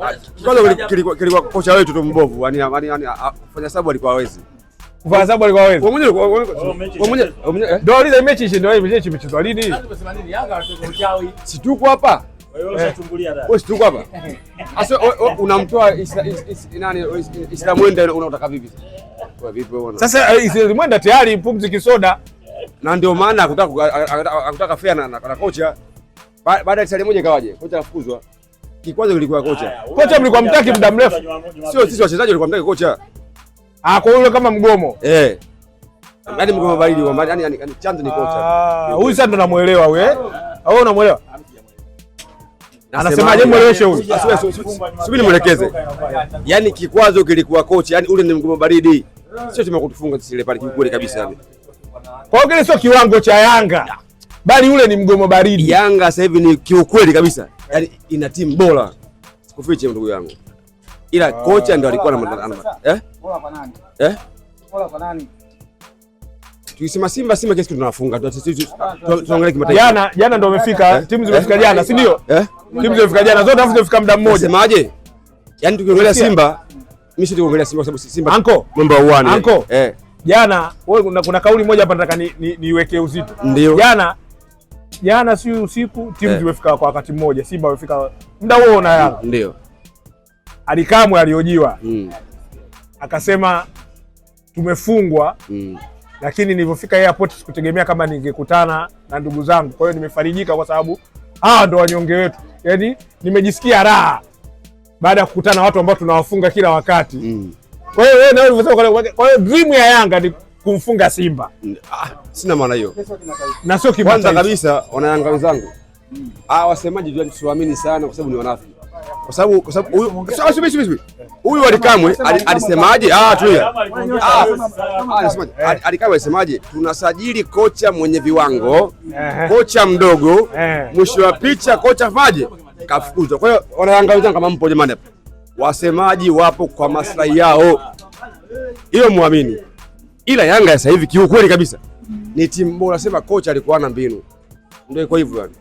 Ah, kwanza kilikuwa kocha wetu tu mbovu, yani yani ah, ah, kufanya sababu alikuwa hawezi kufanya sababu alikuwa hawezi. Wewe mwenyewe ndio uliza mechi hii, ndio mechi imechezwa lini? Yaani si tuko hapa wewe, si hapa asa, unamtoa nani Islam Mwenda, unataka vipi sasa? Eh, Islam Mwenda tayari pumzi kisoda, na ndio maana akutaka akutaka fair na kocha. Baada ya sare moja ikawaje, kocha afukuzwa kikwazo kilikuwa kocha. Kocha mlikuwa mtaki muda mrefu, sio sisi wachezaji walikuwa mtaki kocha. Ah, kwa hiyo kama mgomo eh, yaani mgomo baridi kwa maana yani yani yaani chanzo ni kocha ah, huyu. Sasa ndo namuelewa wewe, eh? ah, au unamuelewa? Anasema je, yaani, Mweleweshe huyu, subiri mwelekeze. Yani kikwazo kilikuwa kocha, yani ule ni mgomo baridi, sio tumekutufunga sisi ile pale, kiukweli kabisa yani. Kwa hiyo kile sio kiwango cha Yanga bali ule ni mgomo baridi. Yanga sasa hivi ni kiukweli kabisa yani ina timu bora, sikufiche ndugu yangu, ila uh, kocha ndo alikuwa na eh bora kwa nani eh bora kwa nani Tukisema Simba Simba kesi tunafunga. Tuangalie kimataifa. Jana jana ndio umefika. Eh? Timu zimefika eh? jana, si ndio? Eh? Timu zimefika jana. Zote afu zimefika muda mmoja. Semaje? Yaani tukiongelea Simba, mimi si tukiongelea Simba kwa sababu Simba. Anko, mambo uani. Anko. Eh. Jana wewe kuna kauli moja hapa nataka niweke uzito. Ndio. Jana jana si usiku timu yeah, kwa wakati mmoja. Simba wamefika muda huo na Yanga, ndio alikamwe aliojiwa mm, akasema tumefungwa mm, lakini nilivyofika airport sikutegemea kama ningekutana na ndugu zangu, kwa hiyo nimefarijika kwa sababu hawa ndo wanyonge wetu. Yani nimejisikia raha baada ya kukutana watu ambao tunawafunga kila wakati mm. Kwa hiyo wewe na wewe, kwa hiyo dream ya Yanga ni kumfunga Simba. Ah, sina maana hiyo. Na sio kimataifa. Kwanza kabisa wana Yanga wenzangu. Ah, wasemaji jua tusiwaamini sana kwa sababu ni wanafi Kwa sababu kwa sababu huyu huyu Alikamwe alisemaje? Ah, ya. Ah, ah, alisemaje? Eh. Alikamwe alisemaje? Tunasajili kocha mwenye viwango, eh. kocha mdogo, eh. mwisho wa picha kocha faje? Kafukuzwa. Kwa hiyo wana Yanga wenzangu kama mpo jamani hapa. Wasemaji wapo kwa maslahi yao. Hiyo muamini ila Yanga sasa hivi kiukweli kabisa ni timu bora, sema kocha alikuwa na mbinu, ndio iko hivyo yani.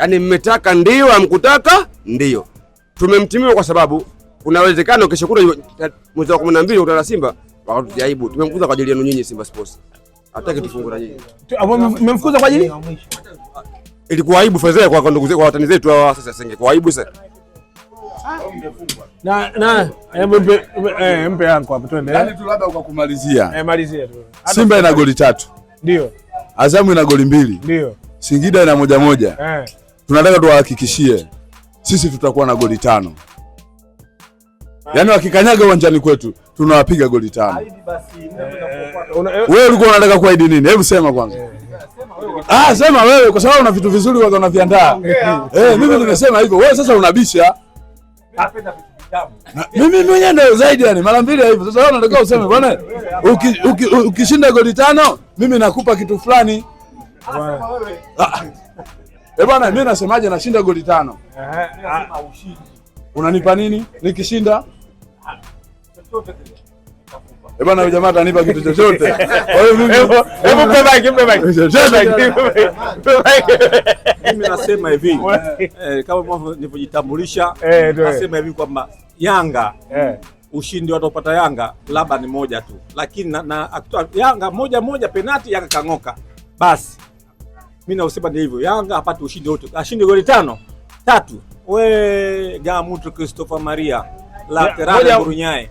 Yani mmetaka ndio, amkutaka ndio, tumemtimia kwa sababu kuna uwezekano kesho kuna mwezi wa 12 utala Simba wakatujaibu. Tumemkuza kwa ajili yenu nyinyi, Simba Sports hataki tufunge na nyinyi, mmemfukuza kwa ajili ilikuwa aibu fedha kwa ndugu zetu, kwa watani zetu hawa. Sasa singekuwa aibu sasa na na eh, eh, mpe yangu hapo, twende. Yaani tu labda kwa kumalizia, eh, malizia tu. Simba ina goli tatu, ndio. Azamu ina goli mbili, ndio. Singida ina moja moja, eh. Tunataka tuwahakikishie sisi tutakuwa na goli tano, yaani wakikanyaga uwanjani kwetu tunawapiga goli tano. Eh, wewe ulikuwa unataka kuahidi nini? Hebu sema kwanza. Ah, sema wewe, kwa sababu una vitu vizuri unaviandaa. Eh, mimi nimesema hivyo, wewe sasa unabisha mimi mwenyewe ndio zaidi, yani mara mbili hivyo. Sasa wewe unataka useme bwana, ukishinda goli tano mimi nakupa kitu fulani. Ah. Eh bwana, mimi nasemaje? Nashinda goli tano, unanipa nini nikishinda? Ah, Eh bwana, huyu jamaa atanipa kitu chochote. Kwa hiyo mimi hebu pe mpe baki, mpe baki mimi nasema hivi eh, kama nilivyojitambulisha, eh, nasema hivi kwamba Yanga eh. ushindi watopata Yanga labda ni moja tu, lakini na, na Yanga moja moja penati Yanga kang'oka, basi mimi nausema ni hivyo, Yanga apate ushindi wote, ashinde goli tano tatu. We Gamutu Christopher Maria lateral Burunyae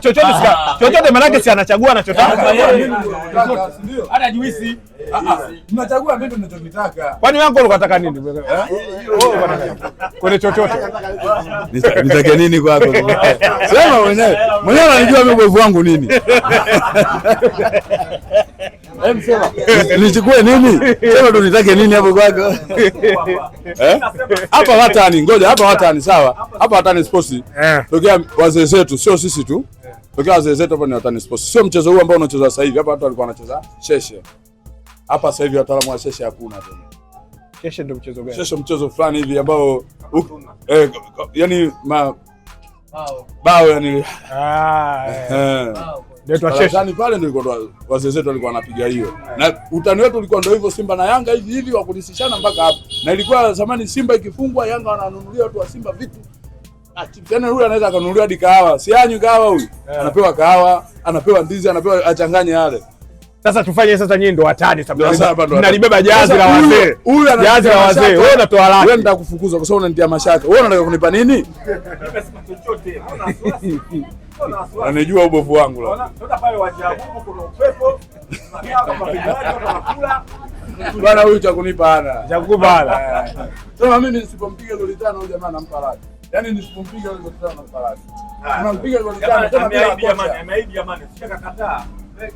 chochote manake, si anachagua anachotaka. Kwani unataka nini? Kwenye chochote nitake nini kwako? Sema mwenyewe, mwenyewe anajua mimi wangu nini. Eh, nichukue nini? Sema tu nitake nini hapo kwako? Eh? Hapa watani, ngoja hapa watani, sawa. Hapa watani sports. Eh. Tokea wazee zetu, sio sisi tu. Tokea wazee zetu hapa ni watani sports. Sio mchezo huu ambao unacheza sasa hivi. Hapa watu walikuwa wanacheza sheshe. Hapa sasa hivi wataalamu wa sheshe hakuna tena. Sheshe ndio mchezo gani? Sheshe mchezo fulani hivi ambao eh, yani ma bao yani ah, eh. Barazani pale ndio ilikuwa wazee wetu walikuwa wanapiga hiyo, na utani wetu ulikuwa ndio hivyo, Simba na Yanga hivi hivi wa wakulisishana mpaka hapo. Na ilikuwa zamani Simba ikifungwa, Yanga wananunulia watu wa Simba vitu tena, ah, huyu anaweza akanunuliwa hadi kahawa, sianywi kahawa huyu yeah. Anapewa kahawa, anapewa ndizi, anapewa achanganye yale sasa tufanye sasa, nyinyi ndo watani sasa, mnalibeba jazi la wazee, huyu ana jazi la wazee. Wewe unatoa laki, wewe nitakufukuza kwa sababu unanitia mashaka. Wewe unataka kunipa nini? chochote, anajua ubovu wangu bwana huyu cha kunipa ana cha kukupa ana eh. sema mimi nisipompiga goli tano huyu jamaa nampa radhi Yaani nisipompiga goli tano nampa radhi ah. unampiga goli tano sema bila kocha ameahidi jamani sishaka kataa eh.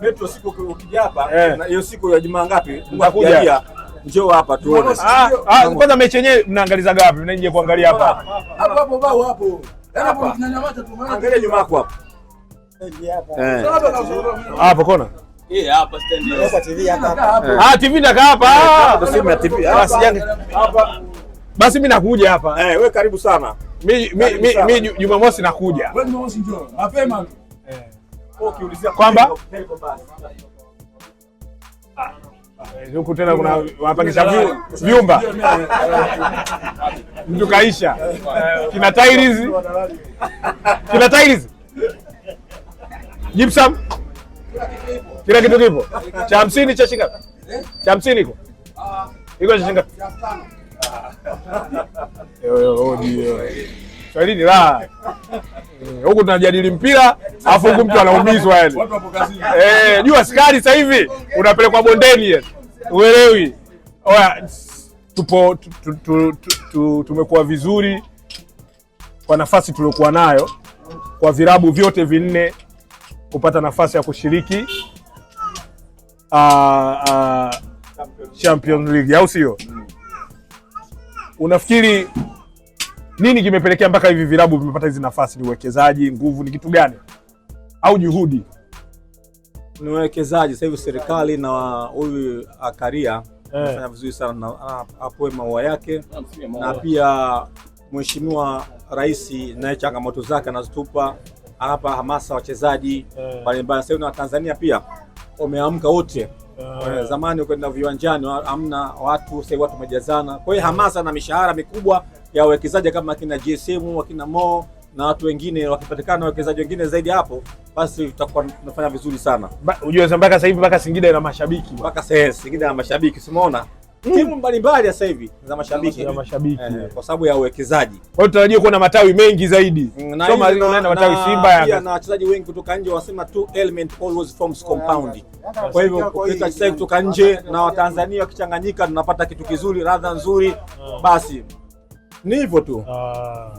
metro eh. siku ukija hapa hiyo siku ya jumaa ngapi nitakuja Njoo hapa tuone. Ah, ah, kwanza mechi yenyewe mnaangalizaga wapi? Mnaje kuangalia hapa? Hapo hapo bao hapo. Yaani hapo tunanyamata tu. maana. Angalia nyuma yako hapo. Eh. hapa. Ah, hapo kona. Eh, hapa stendi. Hapa TV hapa Ah, TV ndaka hapa. Hapo ya TV. Basi hapa. Basi mimi nakuja hapa. Eh, wewe karibu sana. Mimi mimi mimi Jumamosi nakuja. Wewe Jumamosi njoo. Mapema. Eh. Okay, ulizia kwamba Eh, huku tena kuna wanapangisha vyumba mtu kaisha kina tairizi kina tairizi gypsum kila kitu kipo. Cha hamsini cha shilingi ngapi? Cha hamsini iko iko cha shilingi ngapi? Oh, Swali ni raha eh, huku tunajadili mpira afu huku mtu anaumizwa yani. Eh, jua askari sasa hivi unapelekwa bondeni yani uelewi. Oya, tupo tumekuwa vizuri kwa nafasi tuliokuwa nayo kwa virabu vyote vinne kupata nafasi ya kushiriki a, ah, ah, Champions League au sio? Unafikiri nini kimepelekea mpaka hivi virabu vimepata hizi nafasi? Ni uwekezaji, nguvu, ni kitu gani au juhudi? ni uwekezaji. Sasa hivi serikali na huyu Akaria eh. anafanya eh, vizuri sana, apoe maua yake na pia Mheshimiwa Rais naye changamoto zake anazitupa, anapa hamasa wachezaji eh. mbalimbali. Sasa na Tanzania pia wameamka wote. Yeah. Eh, zamani ukenda viwanjani amna watu, sasa watu wamejazana. Kwa hiyo hamasa na mishahara mikubwa ya wawekezaji kama akina GSM, akina Mo na watu wengine, wakipatikana wawekezaji wengine zaidi hapo basi tutakuwa tunafanya vizuri sana. Unajua sasa mpaka sasa hivi mpaka Singida ina mashabiki. Mpaka sasa hivi Singida ina mashabiki, simaona? Mm. Timu mbalimbali sasa hivi za mashabiki za mashabiki eh, kwa sababu ya uwekezaji. Kwa hiyo tutarajia kuona matawi mengi zaidi. Mm, na so mazuri unaenda matawi Simba ya na wachezaji wengi kutoka nje wasema two element always forms compound. Kwa hivyo kupita sasa hivi kutoka nje na Watanzania wakichanganyika tunapata kitu kizuri, radha nzuri. Ah. Basi ni hivyo tu. Ah.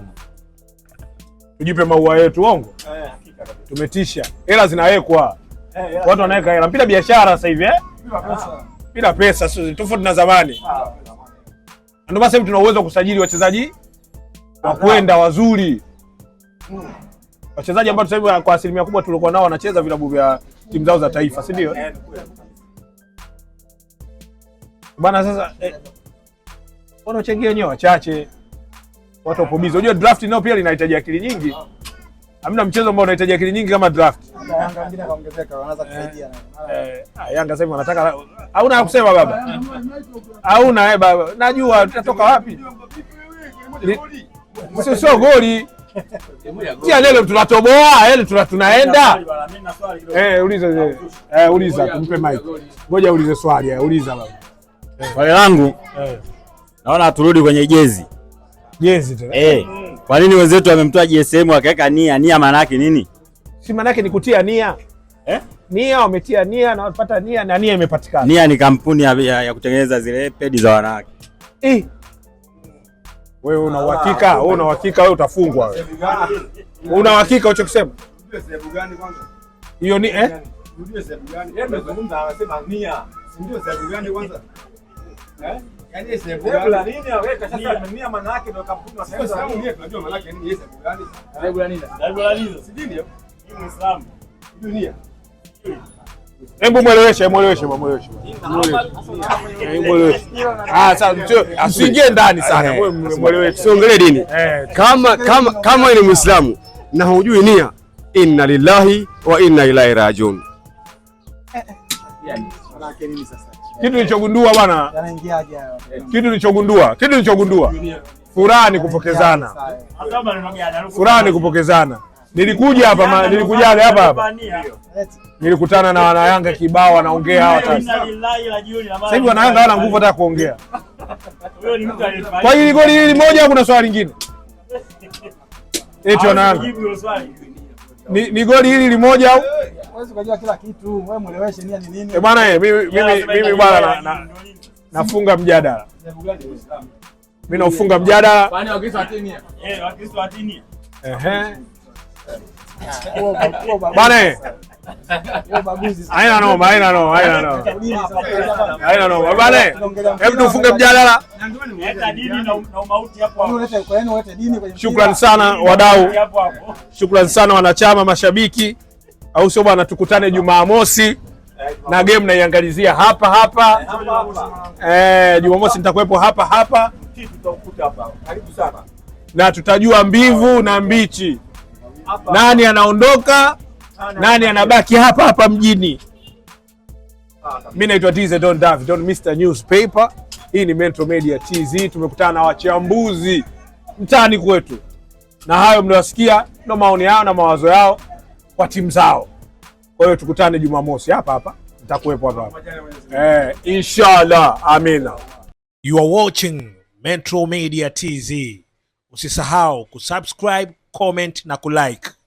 Tujipe maua yetu, uongo? Eh tumetisha, hela zinawekwa hey, watu wanaweka hela mpira biashara sasa hivi eh? bila pesa, sio tofauti na zamani. Ah, ndio basi hivi tuna uwezo wa kusajili wachezaji wa kwenda wazuri, hmm. wachezaji ambao sasa hivi kwa asilimia kubwa tulikuwa nao wanacheza vilabu vya timu zao za taifa, si ndio eh, bana? Sasa eh, wanachangia wenyewe wachache, watu wapo bize. Unajua draft nao pia linahitaji akili nyingi hamna mchezo ambao unahitaji akili nyingi kama draft. Yanga eh, ah, sasa wanataka, hauna ya kusema baba, hauna eh, baba, najua tatoka wapi, sio goli tia lele tunatoboa leo eh, tunaenda. Eh, uliza eh, uliza, tumpe mic, ngoja ulize swali, uliza baba. Swali langu naona turudi kwenye jezi jezi tena eh kwa nini wenzetu wamemtoa GSM wakaweka nia? Nia maana yake nini? Si maana yake ni kutia nia eh? Nia wametia nia na wapata nia na nia imepatikana. Nia ni kampuni ya, ya, ya kutengeneza zile pedi za wanawake eh. Wewe una ah, uhakika ah, wewe una ah. uhakika wewe utafungwa wewe. Wewe Una uhakika ucho kusema? Hiyo ni eh? Ndio sababu gani? Yeye amezungumza anasema nia. Ndio sababu gani kwanza? Eh? Hebu mweleweshe, mweleweshe, mweleweshe. Ah, sasa asiingie ndani sana. Eh, mweleweshe. Siongelee dini. Eh, kama kama kama ni Muislamu na hujui nia, inna lillahi wa inna ilaihi rajiun. Maana yake nini sasa? kitu nilichogundua bwana, kitu nilichogundua, kitu nilichogundua, furaha ni kupokezana, furaha ni kupokezana. Nilikuja hapa, nilikuja hapa hapa, nilikutana na wanayanga kibao, wanaongea hawa. Sasa hivi wanayanga hawana nguvu hata kuongea. Kwa hili goli hili moja, kuna swali lingine eti wanayanga ni, ni goli hili limoja au huwezi kujua kila kitu wewe, mueleweshe nia ni nini eh bwana. Eh, mimi mimi mimi bwana, na nafunga mjadala mimi, naufunga mjadala. kwani Wakristo watini, eh, Wakristo watini, ehe Bane. Haina noma, haina noma, haina noma. Haina noma. Bane. Hebu tufunge mjadala. Um, Shukrani sana wadau. Shukrani sana wanachama, mashabiki. Au sio bwana, tukutane Jumamosi na game naiangalizia hapa hapa. Eh, Jumamosi nitakuwepo hapa hapa na tutajua mbivu na mbichi nani anaondoka, nani anabaki hapa hapa mjini. Mimi ah, naitwa TZ Don David, Don Mr Newspaper. Hii ni Metro Media TZ, tumekutana na wachambuzi mtaani kwetu, na hayo mnawasikia ndo maoni yao na mawazo yao kwa timu zao. Kwa hiyo tukutane Jumamosi hapa hapa, nitakuwepo hapa hapa eh, inshallah. Amina. You are watching Metro Media TZ, usisahau kusubscribe comment na kulike.